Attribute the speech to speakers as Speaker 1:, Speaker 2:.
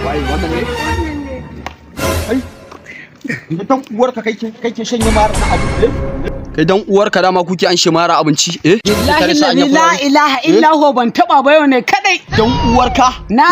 Speaker 1: wai wannan ne ai
Speaker 2: dan uwarka kai ke shanye mara na abinci eh? kai dan uwarka dama kuke an shimara abinci eh billahi la ilaha eh? illa huwa ban taba bayo ne kadai dan uwarka na